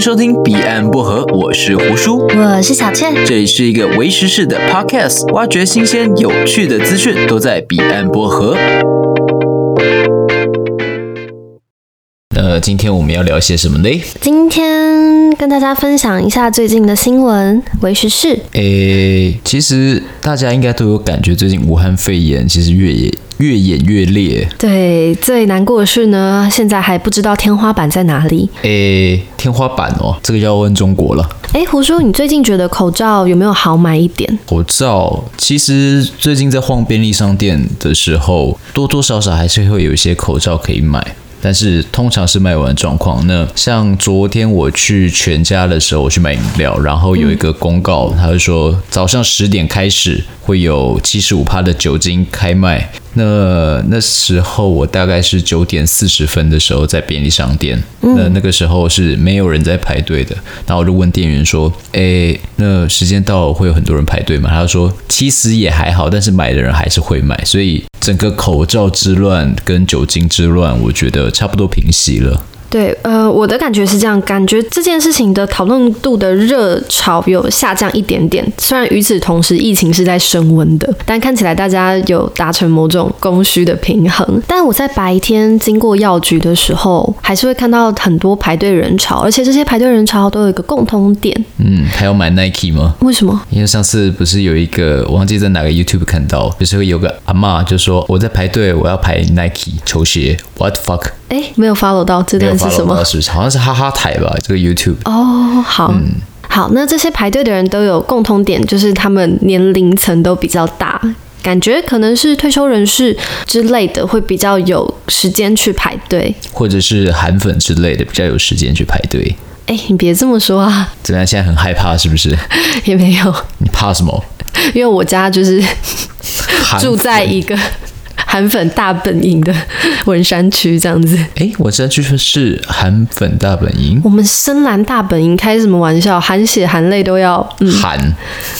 收聽彼岸薄荷，我是胡叔，我是小倩。這裡是一個微時事的 podcast，挖掘新鮮有趣的資訊，都在彼岸薄荷。那今天我們要聊些什麼呢？今天。跟大家分享一下最近的新聞微時事。誒、欸，其實大家應該都有感覺，最近武漢肺炎其實越演越演越烈。對，最難過的是呢，現在還不知道天花板在哪裡。誒、欸，天花板哦，這個要問中國了。哎、欸，胡叔，你最近覺得口罩有沒有好買一點？口罩其實最近在逛便利商店的時候，多多少少還是會有一些口罩可以買。但是通常是賣完狀況。那像昨天我去全家的時候，我去買飲料，然後有一個公告，他、嗯、就說早上十點開始會有七十五趴的酒精開賣。那那時候我大概是九點四十分的時候在便利商店，嗯、那那個時候是沒有人在排隊的。然後我就問店員說：“誒、欸，那時間到了會有很多人排隊嗎？”他就說：“其實也還好，但是買的人還是會買。”所以整個口罩之亂跟酒精之亂，我覺得差不多平息了。對，呃，我的感覺是這樣，感覺這件事情的討論度的熱潮有下降一點點。雖然與此同時，疫情是在升溫的，但看起來大家有達成某種供需的平衡。但我在白天經過藥局的時候，還是會看到很多排隊人潮，而且這些排隊人潮都有一個共同點，嗯，還要買 Nike 嗎？為什麼？因為上次不是有一個，我忘記在哪個 YouTube 看到，就是有個阿嬤就說我在排隊，我要排 Nike 球鞋，What the fuck？哎、欸，沒有 follow 到，這段是什麼是是？好像是哈哈台吧，這個 YouTube。哦，oh, 好，嗯、好，那這些排隊的人都有共同點，就是他們年齡層都比較大，感覺可能是退休人士之類的會比較有時間去排隊，或者是韓粉之類的比較有時間去排隊。哎、欸，你別這麼說啊，這邊現在很害怕是不是？也沒有，你怕什麼？因為我家就是粉 住在一個。韓粉大本營的文山區這樣子，欸，我知道，據說是韓粉大本營。我們深藍大本營開什麼玩笑？含血含淚都要，含。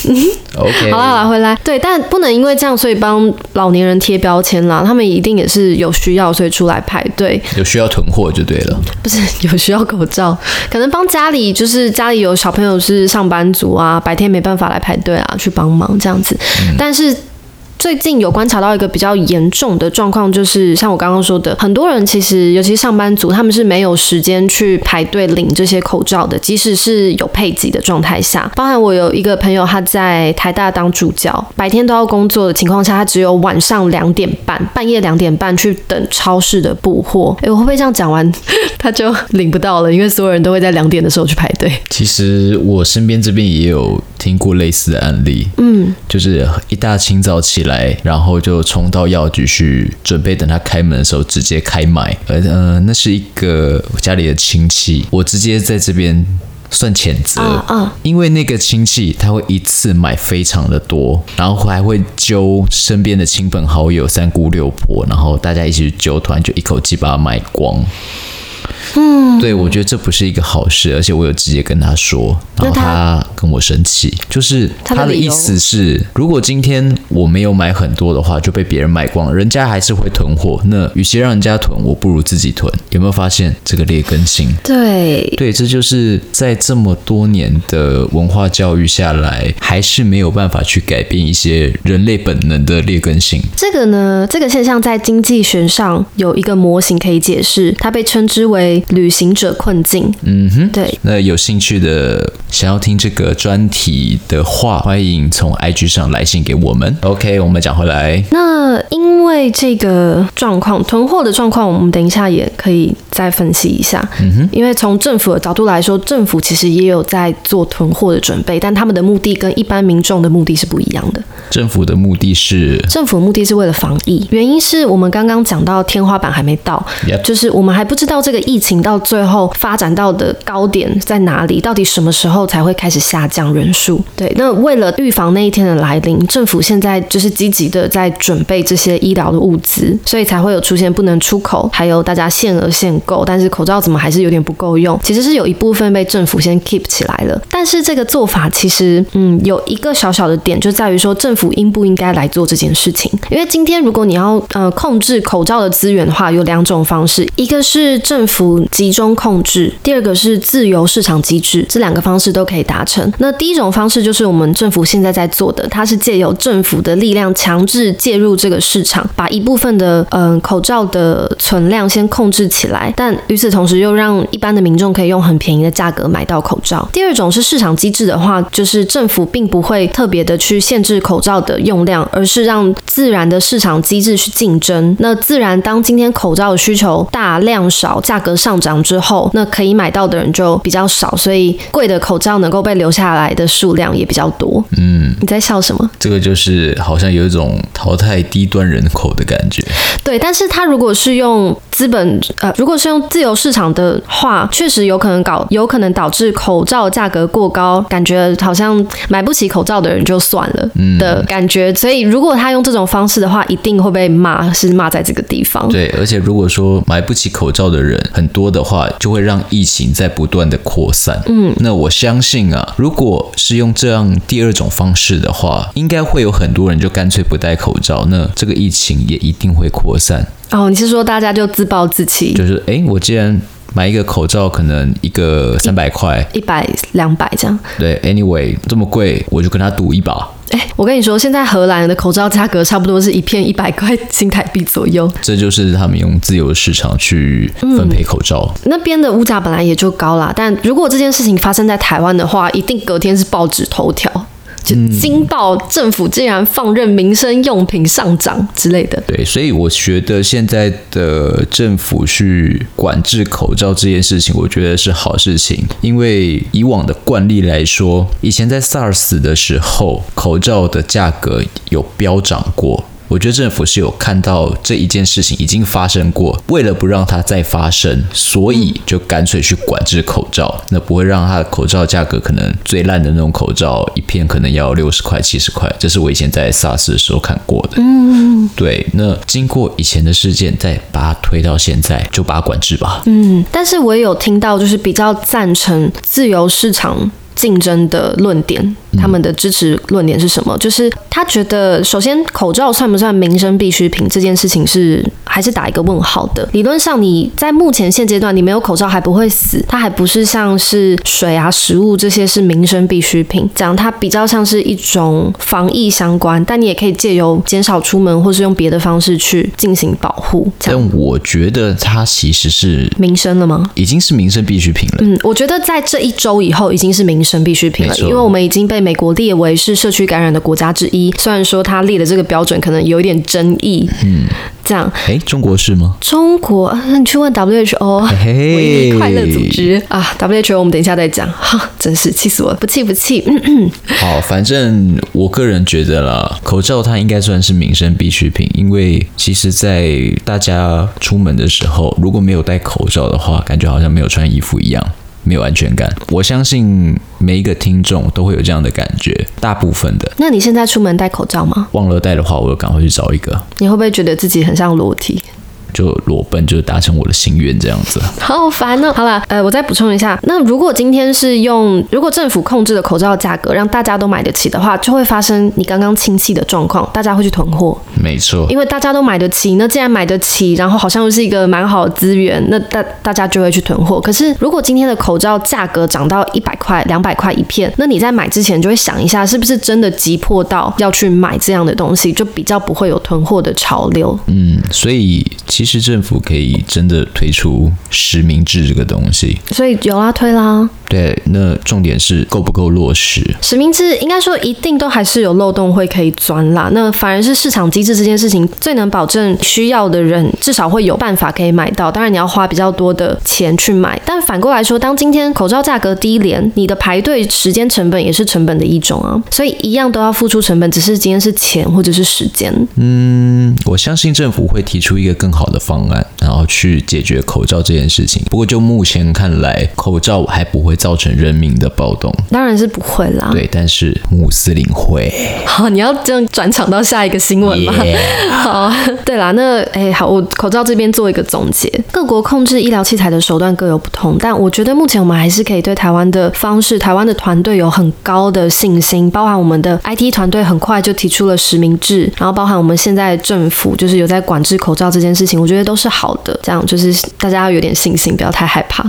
嗯，OK。好了，好了，回來。對，但不能因為這樣，所以幫老年人貼標籤啦。他們一定也是有需要，所以出來排隊。有需要囤貨就對了，不是有需要口罩，可能幫家裡，就是家裡有小朋友是上班族啊，白天沒辦法來排隊啊，去幫忙這樣子，嗯，但是。最近有觀察到一個比較嚴重的狀況，就是像我剛剛說的，很多人其實，尤其上班族，他們是沒有時間去排隊領這些口罩的。即使是有配給的狀態下，包含我有一個朋友，他在台大當助教，白天都要工作的情況下，他只有晚上兩點半，半夜兩點半去等超市的補貨。欸，我會不會這樣講完，他就領不到了？因為所有人都會在兩點的時候去排隊。其實我身邊這邊也有聽過類似的案例，嗯，就是一大清早起來。來，然後就衝到藥局去準備，等他開門的時候直接開賣。呃，那是一個家裡的親戚，我直接在這邊算譴責，因為那個親戚他會一次買非常的多，然後還會揪身邊的親朋好友、三姑六婆，然後大家一起去揪團，就一口氣把它買光。嗯，對，我覺得這不是一個好事，而且我有直接跟他說，然後他跟我生氣，他就是他的意思是，如果今天我沒有買很多的話，就被別人買光，人家還是會囤貨，那與其讓人家囤，我不如自己囤，有沒有發現這個劣根性？對，對，這就是在這麼多年的文化教育下來，還是沒有辦法去改變一些人類本能的劣根性。這個呢，這個現象在經濟學上有一個模型可以解釋，它被稱之為。旅行者困境，嗯哼，對。那有興趣的，想要聽這個專題的話，歡迎從 IG 上來信給我們。OK，我們講回來。那因為這個狀況，囤貨的狀況，我們等一下也可以。再分析一下，嗯哼，因為從政府的角度來說，政府其實也有在做囤貨的準備，但他們的目的跟一般民眾的目的是不一樣的。政府的目的是政府的目的是為了防疫，原因是我們剛剛講到天花板還沒到，Yep. 就是我們還不知道這個疫情到最後發展到的高點在哪裡，到底什麼時候才會開始下降人數。對，那為了預防那一天的來臨，政府現在就是積極的在準備這些醫療的物資，所以才會有出現不能出口，還有大家限額限。夠，但是口罩怎麼還是有點不夠用？其實是有一部分被政府先 keep 起來了。但是這個做法其實，嗯，有一個小小的點，就在於說政府應不應該來做這件事情。因為今天如果你要呃控制口罩的資源的話，有兩種方式，一個是政府集中控制，第二個是自由市場機制，這兩個方式都可以達成。那第一種方式就是我們政府現在在做的，它是借由政府的力量強制介入這個市場，把一部分的嗯、呃、口罩的存量先控制起來。但與此同時，又讓一般的民眾可以用很便宜的價格買到口罩。第二種是市場機制的話，就是政府並不會特別的去限制口罩的用量，而是讓自然的市場機制去競爭。那自然，當今天口罩的需求大量少，價格上漲之後，那可以買到的人就比較少，所以貴的口罩能夠被留下來的數量也比較多。嗯，你在笑什麼？這個就是好像有一種淘汰低端人口的感覺。對，但是它如果是用。資本，呃，如果是用自由市場的話，確實有可能搞，有可能導致口罩價格過高，感覺好像買不起口罩的人就算了，嗯，的感覺。嗯、所以，如果他用這種方式的話，一定會被罵，是罵在這個地方。對，而且如果說買不起口罩的人很多的話，就會讓疫情在不斷的擴散。嗯，那我相信啊，如果是用這樣第二種方式的話，應該會有很多人就乾脆不戴口罩，那這個疫情也一定會擴散。哦，你是說大家就自。暴自棄，就是哎，我既然買一個口罩，可能一個三百塊，一百兩百這樣。對，anyway，這麼貴，我就跟他賭一把。哎，我跟你說，現在荷蘭的口罩價格差不多是一片一百塊新台幣左右。這就是他們用自由市場去分配口罩。嗯，那邊的物價本來也就高啦，但如果這件事情發生在台灣的話，一定隔天是報紙頭條。就驚爆政府竟然放任民生用品上漲之類的。嗯。對，所以我覺得現在的政府去管制口罩這件事情，我覺得是好事情，因為以往的慣例來說，以前在 SARS 的時候，口罩的價格有飆漲過。我覺得政府是有看到這一件事情已經發生過，為了不讓它再發生，所以就乾脆去管制口罩，那不會讓它的口罩價格可能最爛的那種口罩一片可能要六十塊七十塊，這是我以前在 SARS 的時候看過的。嗯，對，那經過以前的事件再把它推到現在，就把它管制吧。嗯，但是我也有聽到，就是比較贊成自由市場。競爭的論點，他們的支持論點是什麼？嗯，就是他覺得，首先口罩算不算民生必需品這件事情是還是打一個問號的。理論上，你在目前現階段，你沒有口罩還不會死，它還不是像是水啊，食物這些是民生必需品，講它比較像是一種防疫相關。但你也可以借由減少出門，或是用別的方式去進行保護。但我覺得它其實是民生了嗎？已經是民生必需品了。品了，嗯，我覺得在這一周以後已經是民生。生必需品了，錯因為我們已經被美國列為是社區感染的國家之一。雖然說他立的這個標準可能有一點爭議，嗯，這樣，哎、欸，中國是嗎？中國？那你去問 WHO，唯一快樂組織啊。WHO，我們等一下再講。哈，真是氣死我了！不氣不氣。嗯、好，反正我個人覺得啦，口罩它應該算是民生必需品，因為其實，在大家出門的時候，如果沒有戴口罩的話，感覺好像沒有穿衣服一樣。沒有安全感，我相信每一個聽眾都會有這樣的感覺，大部分的。那你現在出門戴口罩嗎？忘了戴的話，我就趕快去找一個。你會不會覺得自己很像裸體？就裸奔，就達成我的心願，這樣子。好煩哦。好了，呃，我再補充一下。那如果今天是用，如果政府控制的口罩價格，讓大家都買得起的話，就會發生你剛剛親戚的狀況，大家會去囤貨。沒錯。因為大家都買得起，那既然買得起，然後好像又是一個蠻好的資源，那大大家就會去囤貨。可是如果今天的口罩價格漲到一百塊、兩百塊一片，那你在買之前就會想一下，是不是真的急迫到要去買這樣的東西，就比較不會有囤貨的潮流。嗯，所以。其實政府可以真的推出實名制這個東西，所以有啦推啦。對，那重點是夠不夠落實？實名制應該說一定都還是有漏洞會可以鑽啦。那反而是市場機制這件事情最能保證需要的人至少會有辦法可以買到，當然你要花比較多的錢去買。但反過來說，當今天口罩價格低廉，你的排隊時間成本也是成本的一種啊。所以一樣都要付出成本，只是今天是錢或者是時間。嗯，我相信政府會提出一個更好的方案，然後去解決口罩這件事情。不過就目前看來，口罩還不會造成人民的暴動，當然是不會啦。對，但是穆斯林會。好，你要這樣轉場到下一個新聞嗎？Yeah. 好，對啦，那哎，好，我口罩這邊做一個總結。各國控制醫療器材的手段各有不同，但我覺得目前我們還是可以對台灣的方式、台灣的團隊有很高的信心。包含我們的 IT 團隊很快就提出了實名制，然後包含我們現在政府就是有在管制口罩這件事情。我覺得都是好的，這樣就是大家要有點信心，不要太害怕。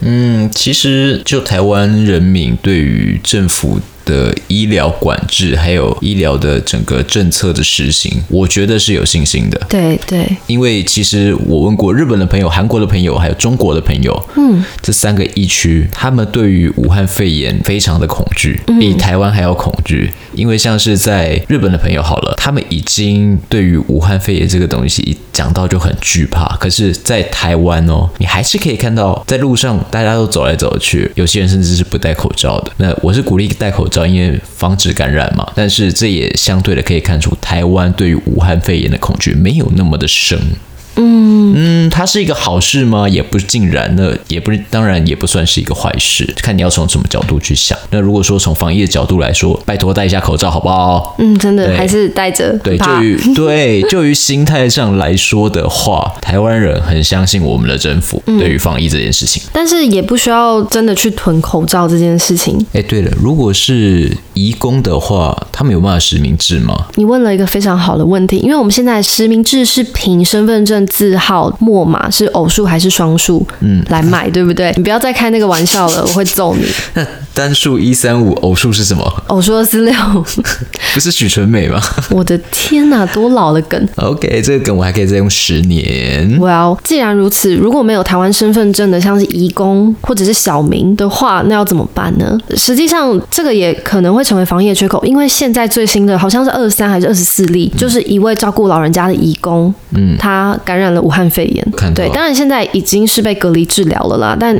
嗯，其實就台灣人民對於政府的醫療管制，還有醫療的整個政策的實行，我覺得是有信心的。對對，對，因為其實我問過日本的朋友、韓國的朋友，還有中國的朋友，嗯，這三個疫區，他們對於武漢肺炎非常的恐懼，比台灣還要恐懼。嗯、因為像是在日本的朋友好了，他們已經對於武漢肺炎這個東西一講到就很懼怕。可是，在台灣哦，你還是可以看到，在路上大家都走來走去，有些人甚至是不戴口罩的。那我是鼓勵戴口罩。因為防止感染嘛，但是這也相對的可以看出，台灣對於武漢肺炎的恐懼沒有那麼的深。嗯嗯，它是一個好事嗎？也不盡然。那也不是，當然也不算是一個壞事。看你要從什麼角度去想。那如果說從防疫的角度來說，拜託戴一下口罩，好不好？嗯，真的對還是戴着。對，就於對就於心態上來說的話，台灣人很相信我們的政府、嗯、對於防疫這件事情，但是也不需要真的去囤口罩這件事情。哎、欸，對了，如果是移工的話，他們有辦法實名制嗎？你問了一個非常好的問題，因為我們現在實名制是憑身份證。字號末碼是偶數還是雙數？嗯，來買對不對？你不要再開那個玩笑了，我會揍你。 單數一三五，偶數是什麼？偶數二四六， 不是許純美嗎？ 我的天哪、啊，多老的梗！OK，這個梗我還可以再用十年。Well，既然如此，如果沒有台灣身份證的，像是移工或者是小明的話，那要怎麼辦呢？實際上，這個也可能會成為防疫缺口，因為現在最新的好像是二十三還是二十四例，就是一位照顧老人家的移工，嗯，他。感染了武漢肺炎，透對，當然現在已經是被隔離治療了啦。但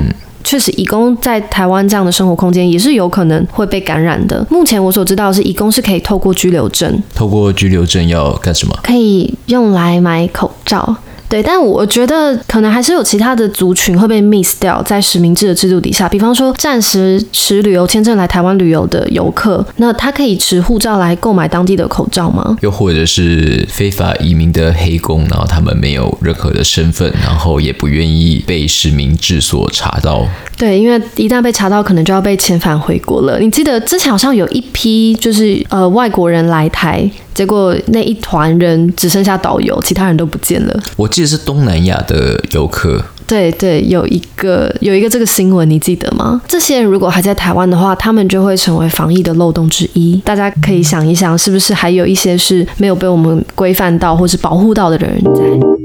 確實，移工在台灣這樣的生活空間也是有可能會被感染的。目前我所知道的是，移工是可以透過居留證，透過居留證要幹什麼？可以用來買口罩。對，但我覺得可能還是有其他的族群會被 miss 掉，在實名制的制度底下，比方說暫時持旅遊簽證來台灣旅遊的遊客，那他可以持護照來購買當地的口罩嗎？又或者是非法移民的黑工，然後他們沒有任何的身份，然後也不願意被實名制所查到。對，因為一旦被查到，可能就要被遣返回國了。你記得之前好像有一批就是，呃，外國人來台，結果那一團人只剩下導遊，其他人都不見了。我。其實是東南亞的遊客，對對，有一個有一個這個新聞，你記得嗎？這些人如果還在台灣的話，他們就會成為防疫的漏洞之一。大家可以想一想，是不是還有一些是沒有被我們規範到或是保護到的人在？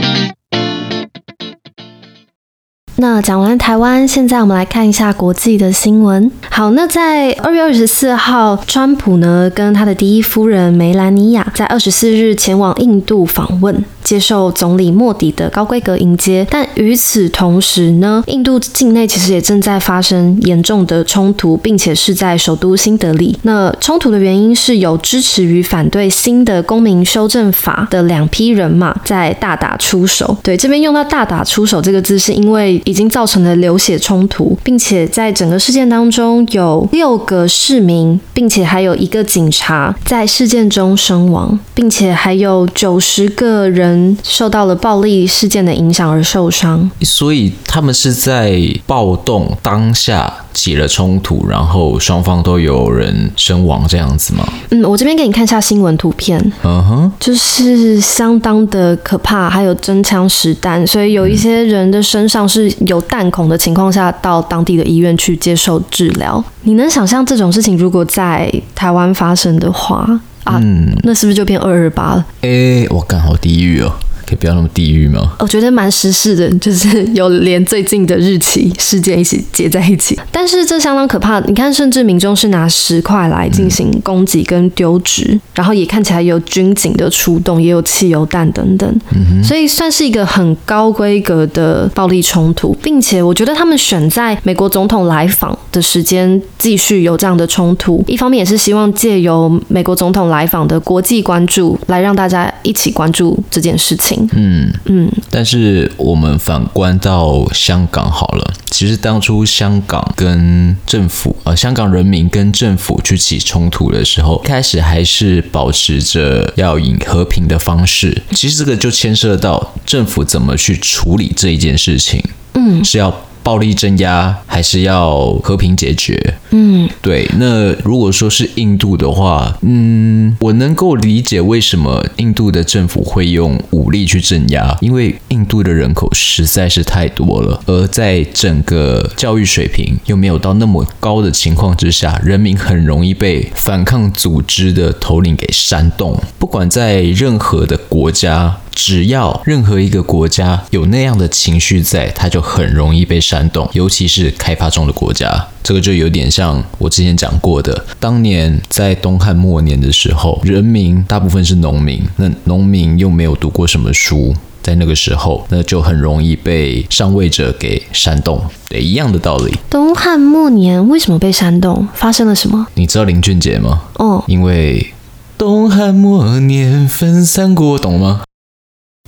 那講完台灣，現在我們來看一下國際的新聞。好，那在二月二十四號，川普呢跟他的第一夫人梅蘭妮亞在二十四日前往印度訪問，接受總理莫迪的高規格迎接。但與此同時呢，印度境內其實也正在發生嚴重的衝突，並且是在首都新德里。那衝突的原因是有支持與反對新的公民修正法的兩批人馬在大打出手。對，這邊用到“大打出手”這個字，是因為。已經造成了流血衝突，並且在整個事件當中有六個市民，並且還有一個警察在事件中身亡，並且還有九十個人受到了暴力事件的影響而受傷。所以他們是在暴動當下起了衝突，然後雙方都有人身亡這樣子嗎？嗯，我這邊給你看一下新聞圖片。嗯哼，Uh-huh. 就是相當的可怕，還有真槍實彈，所以有一些人的身上是。有彈孔的情況下，到當地的醫院去接受治療。你能想象這種事情如果在台灣發生的話啊？嗯、那是不是就變二二八了？誒、欸，我剛好地獄哦！也不要那麼地獄嗎？我覺得蠻時事的，就是有連最近的日期事件一起結在一起。但是這相當可怕。你看，甚至民眾是拿石塊來進行攻擊跟丟擲，嗯、然後也看起來有軍警的出動，也有汽油彈等等。嗯哼，所以算是一個很高規格的暴力衝突，並且我覺得他們選在美國總統來訪的時間繼續有這樣的衝突，一方面也是希望借由美國總統來訪的國際關注，來讓大家一起關注這件事情。嗯嗯，但是我們反觀到香港好了，其實當初香港跟政府啊、呃，香港人民跟政府去起衝突的時候，一開始還是保持着要以和平的方式。其實這個就牽涉到政府怎麼去處理這一件事情，嗯，是要。暴力鎮壓還是要和平解決。嗯，對。那如果說是印度的話，嗯，我能夠理解為什麼印度的政府會用武力去鎮壓，因為印度的人口實在是太多了，而在整個教育水平又沒有到那麼高的情況之下，人民很容易被反抗組織的頭領給煽動。不管在任何的國家。只要任何一個國家有那樣的情緒在，它就很容易被煽動，尤其是開發中的國家。這個就有點像我之前講過的，當年在東漢末年的時候，人民大部分是農民，那農民又沒有讀過什麼書，在那個時候，那就很容易被上位者給煽動。對，一樣的道理。東漢末年為什麼被煽動？發生了什麼？你知道林俊杰嗎？哦，因為東漢末年分三國，懂嗎？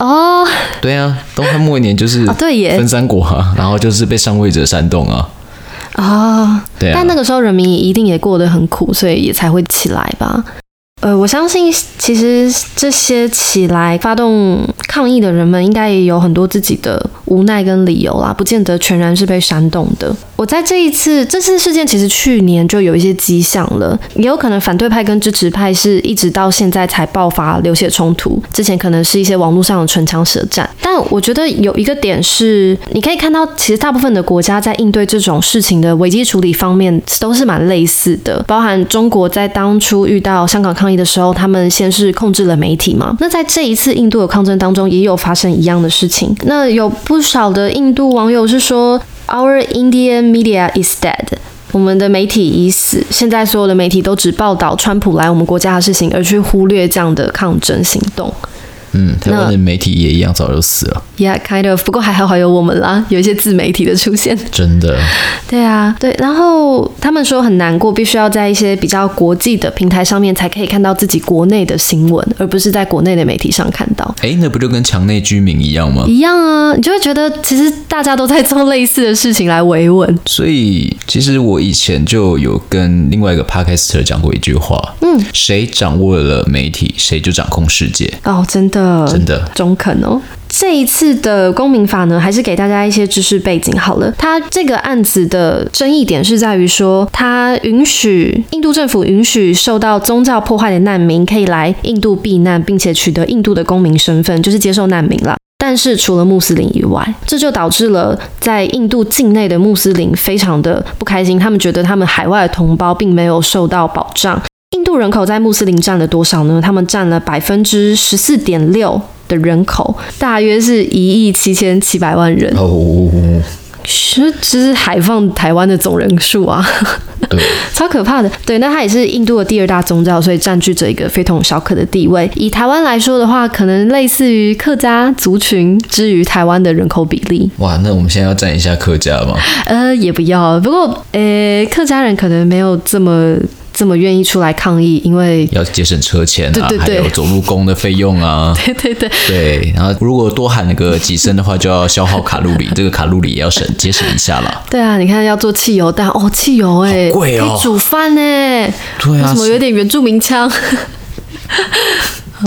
哦，oh, 對啊，東漢末年就是分三國啊，oh, 對耶，然後就是被上位者煽動啊，啊，oh, 對啊，但那個時候人民一定也過得很苦，所以也才會起來吧。呃，我相信其實這些起來發動抗議的人們，應該也有很多自己的無奈跟理由啦，不見得全然是被煽動的。我在這一次這次事件，其實去年就有一些跡象了，也有可能反對派跟支持派是一直到現在才爆發流血衝突，之前可能是一些網絡上的唇槍舌戰。但我覺得有一個點是，你可以看到，其實大部分的國家在應對這種事情的危機處理方面都是蠻類似的，包含中國在當初遇到香港抗議的時候，他們先是控制了媒體嘛。那在這一次印度的抗爭當中，也有發生一樣的事情。那有不少的印度網友是說。Our Indian media is dead。我們的媒體已死。現在所有的媒體都只報道川普來我們國家的事情，而去忽略這樣的抗爭行動。嗯，台灣的媒體也一樣，早就死了。Yeah，kind of。不過還好還有我們啦，有一些自媒體的出現。真的。對啊，對。然後他們說很難過，必須要在一些比較國際的平台上面才可以看到自己國內的新聞，而不是在國內的媒體上看到。哎、欸，那不就跟牆內居民一樣嗎？一樣啊，你就會覺得其實大家都在做類似的事情來維穩。所以其實我以前就有跟另外一個 podcaster 講過一句話，嗯，誰掌握了媒體，誰就掌控世界。哦，真的。呃，真的中肯哦。這一次的公民法呢，還是給大家一些知識背景好了。他這個案子的爭議點是在於說，他允許印度政府允許受到宗教迫害的難民可以來印度避難，並且取得印度的公民身份，就是接受難民了。但是除了穆斯林以外，這就導致了在印度境內的穆斯林非常的不開心，他們覺得他們海外的同胞並沒有受到保障。印度人口在穆斯林佔了多少呢？他們佔了百分之十四點六的人口，大約是一億七千七百萬人。哦，其實這是海放台灣的總人數啊。對，超可怕的。對，那它也是印度的第二大宗教，所以佔據着一個非同小可的地位。以台灣來說的話，可能類似於客家族群之於台灣的人口比例。哇，那我們現在要佔一下客家嗎？呃，也不要。不過，呃、欸，客家人可能沒有這麼。這麼願意出來抗議，因為要節省車錢啊，對對對，還有走路工的費用啊， 對對對對。然後如果多喊個幾聲的話，就要消耗卡路里， 這個卡路里也要省節省一下了。對啊，你看要做汽油彈，哦汽油哎，貴哦，可以煮飯哎、啊、為什麼有點原住民腔？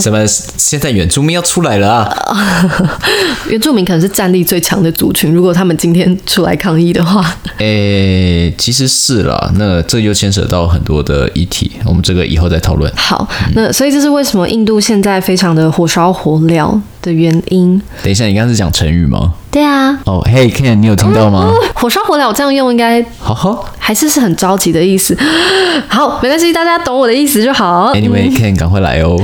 怎麼現在原住民要出來了啊？原住民可能是戰力最強的族群，如果他們今天出來抗議的話，誒、欸，其實是啦，那這又牽涉到很多的議題，我們這個以後再討論。好，嗯、那所以這是為什麼印度現在非常的火燒火燎的原因。等一下，你剛剛是講成語嗎？對啊。哦，嘿，Ken，an, 你有聽到嗎？火燒火燎我這樣用應該，好好還是是很着急的意思。好，沒關係，大家懂我的意思就好。Anyway，Ken，趕快來哦。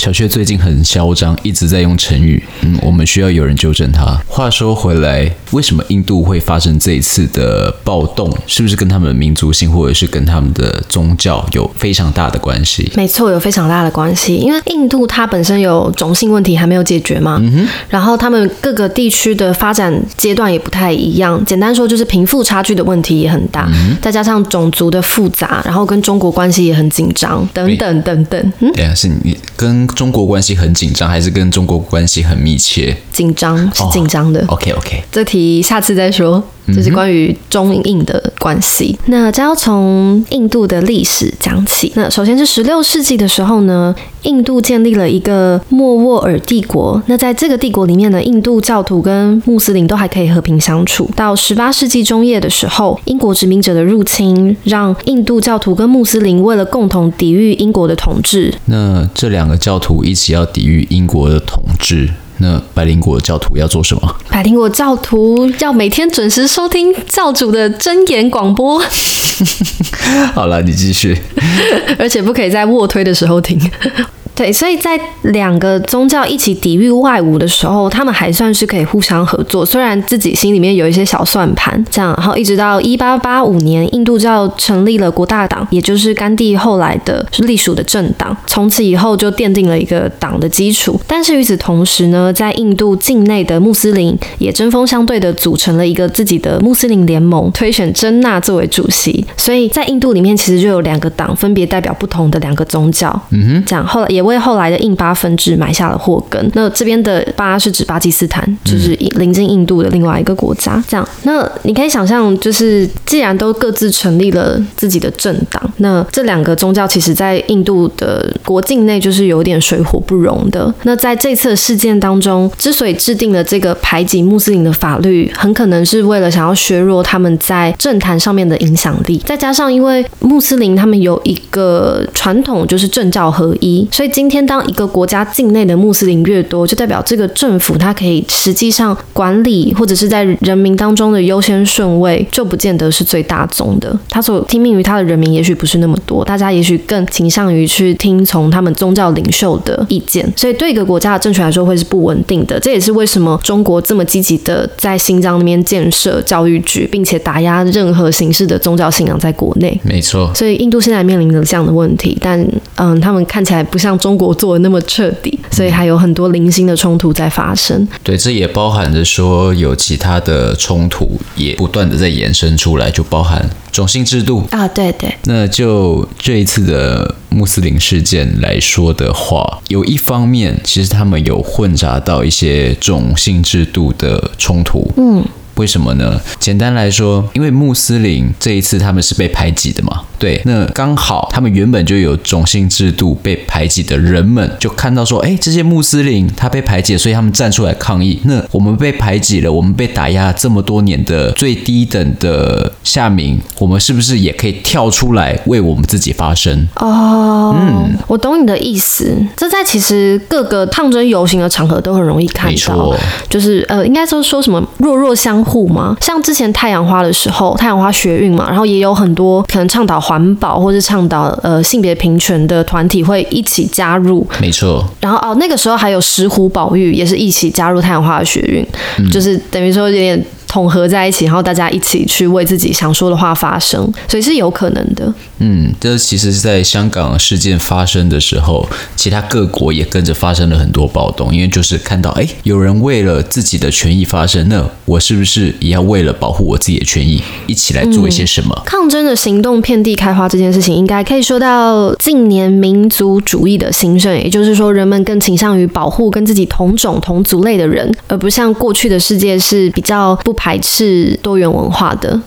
小雀最近很囂張，一直在用成語。嗯，我們需要有人糾正他。話說回來，為什麼印度會發生這一次的暴動？是不是跟他們的民族性或者是跟他們的宗教有非常大的關係？沒錯，有非常大的關係。因為印度它本身有種姓問題還沒有解決嘛。嗯哼。然後他們各個地區的發展階段也不太一樣。簡單說就是貧富差距的問題也很大。嗯哼。再加上種族的複雜，然後跟中國關係也很緊張，等等等等。嗯，對啊，是你跟。中國關係很緊張，還是跟中國關係很密切？緊張是緊張的。Oh, OK, OK，這題下次再說。這是關於中印的關係。那這要從印度的歷史講起，那首先是十六世紀的時候呢，印度建立了一個莫臥兒帝國。那在這個帝國裡面呢，印度教徒跟穆斯林都還可以和平相處。到十八世紀中葉的時候，英國殖民者的入侵讓印度教徒跟穆斯林為了共同抵禦英國的統治。那這兩個教徒一起要抵禦英國的統治。那百靈果教徒要做什麼？百靈果教徒要每天準時收聽教主的真言廣播。 好了，你繼續。 而且不可以在臥推的時候聽。對，所以在兩個宗教一起抵禦外侮的時候，他們還算是可以互相合作，雖然自己心裡面有一些小算盤。這樣，然後一直到一八八五年，印度教成立了國大黨，也就是甘地後來的隸屬的政黨，從此以後就奠定了一個黨的基礎。但是與此同時呢，在印度境內的穆斯林也針鋒相對的組成了一個自己的穆斯林聯盟，推選真納作為主席。所以在印度裡面其實就有兩個黨，分別代表不同的兩個宗教。嗯哼，這樣後來也為後來的印巴分治埋下了禍根。那這邊的巴是指巴基斯坦，就是鄰近印度的另外一個國家。嗯、這樣，那你可以想象，就是既然都各自成立了自己的政黨，那這兩個宗教其實在印度的國境內就是有點水火不容的。那在這次事件當中，之所以制定了這個排擠穆斯林的法律，很可能是為了想要削弱他們在政壇上面的影響力。再加上因為穆斯林他們有一個傳統，就是政教合一，所以。今天，當一個國家境內的穆斯林越多，就代表這個政府它可以實際上管理或者是在人民當中的優先順位，就不見得是最大宗的。他所聽命於他的人民，也許不是那麼多。大家也許更傾向於去聽從他們宗教領袖的意見，所以對一個國家的政權來說會是不穩定的。這也是為什麼中國這麼積極的在新疆那邊建設教育局，並且打壓任何形式的宗教信仰在國內。沒錯。所以印度現在面臨着這樣的問題，但嗯，他們看起來不像。中國做的那麼徹底，所以還有很多零星的衝突在發生。嗯、對，這也包含着說有其他的衝突也不斷的在延伸出來，就包含種姓制度啊，對對。那就這一次的穆斯林事件來說的話，有一方面其實他們有混雜到一些種姓制度的衝突，嗯。為什麼呢？簡單來說，因為穆斯林這一次他們是被排擠的嘛。對，那剛好他們原本就有種姓制度被排擠的人們，就看到說，哎，這些穆斯林他被排擠，所以他們站出來抗議。那我們被排擠了，我們被打壓了這麼多年的最低等的下民，我們是不是也可以跳出來為我們自己發聲？哦，嗯，我懂你的意思。這在其實各個抗爭遊行的場合都很容易看到，沒錯。就是呃，應該說說什麼弱弱相。護嗎？像之前太陽花的時候，太陽花學運嘛，然後也有很多可能倡導環保或是倡導呃性別平權的團體會一起加入，沒錯錯。然後哦，那個時候還有石虎保育也是一起加入太陽花的學運，嗯、就是等於說有點。統合在一起，然後大家一起去為自己想說的話發聲，所以是有可能的。嗯，這其實是在香港事件發生的時候，其他各國也跟着發生了很多暴動，因為就是看到哎、欸，有人為了自己的權益發聲，那我是不是也要為了保護我自己的權益，一起來做一些什麼、嗯、抗爭的行動？遍地開花這件事情，應該可以說到近年民族主義的興盛也，也就是說，人們更傾向於保護跟自己同種同族類的人，而不像過去的世界是比較不。排斥多元文化的。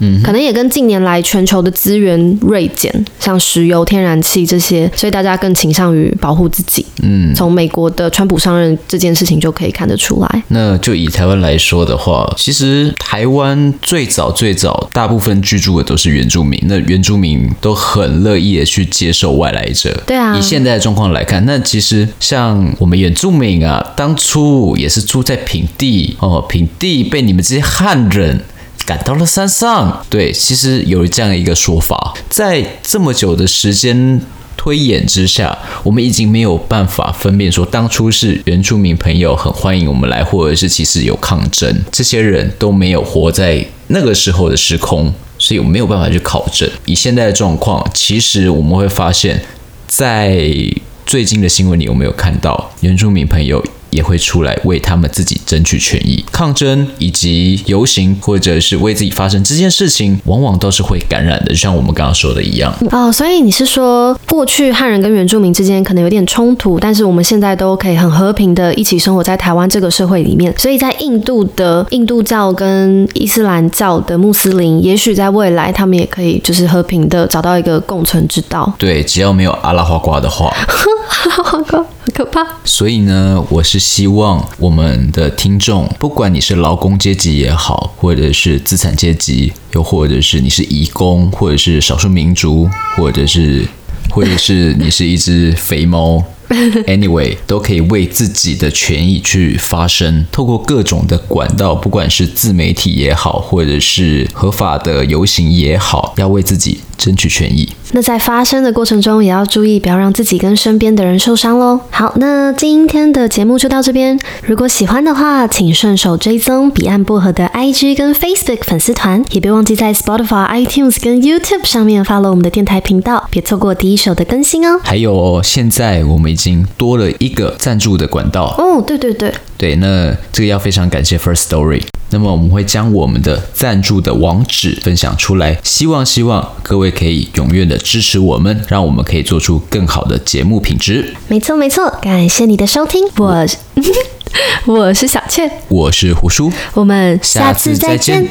嗯，可能也跟近年來全球的資源銳減，像石油、天然氣這些，所以大家更傾向於保護自己。嗯，從美國的川普上任這件事情就可以看得出來。那就以台灣來說的話，其實台灣最早最早，大部分居住的都是原住民，那原住民都很樂意的去接受外來者。對啊，以現在的狀況來看，那其實像我們原住民啊，當初也是住在平地哦，平地被你們這些漢人趕到了山上。對，其實有這樣一個說法，在這麼久的時間推演之下，我們已經沒有辦法分辨說，當初是原住民朋友很歡迎我們來，或者是其實有抗爭。這些人都沒有活在那個時候的時空，所以我們沒有辦法去考證。以現在的狀況，其實我們會發現，在最近的新聞裡，有沒有看到原住民朋友？也會出來為他們自己爭取權益，抗爭以及遊行，或者是為自己發聲，這件事情，往往都是會感染的。就像我們剛剛說的一樣哦，所以你是說，過去漢人跟原住民之間可能有點衝突，但是我們現在都可以很和平的一起生活在台灣這個社會裡面。所以在印度的印度教跟伊斯蘭教的穆斯林，也許在未來他們也可以就是和平的找到一個共存之道。對，只要沒有阿拉花瓜的話，阿拉花瓜很可怕。所以呢，我是。希望我們的聽眾，不管你是勞工階級也好，或者是資產階級，又或者是你是移工，或者是少數民族，或者是，或者是你是一隻肥貓。 Anyway，都可以為自己的權益去發聲，透過各種的管道，不管是自媒體也好，或者是合法的遊行也好，要為自己爭取權益。那在發聲的過程中，也要注意不要讓自己跟身邊的人受傷嘍。好，那今天的節目就到這邊。如果喜歡的話，請順手追蹤彼岸薄荷的 IG 跟 Facebook 粉絲團，也別忘記在 Spotify、iTunes 跟 YouTube 上面 follow 我們的電台頻道，別錯過第一手的更新哦。還有，現在我們。已經多了一個贊助的管道哦，對對對，對，那這個要非常感謝 First Story。那麼我們會將我們的贊助的網址分享出來，希望希望各位可以永遠的支持我們，讓我們可以做出更好的節目品質。沒錯沒錯，感謝你的收聽，我是我， 我是小倩，我是胡叔，我們下次再見。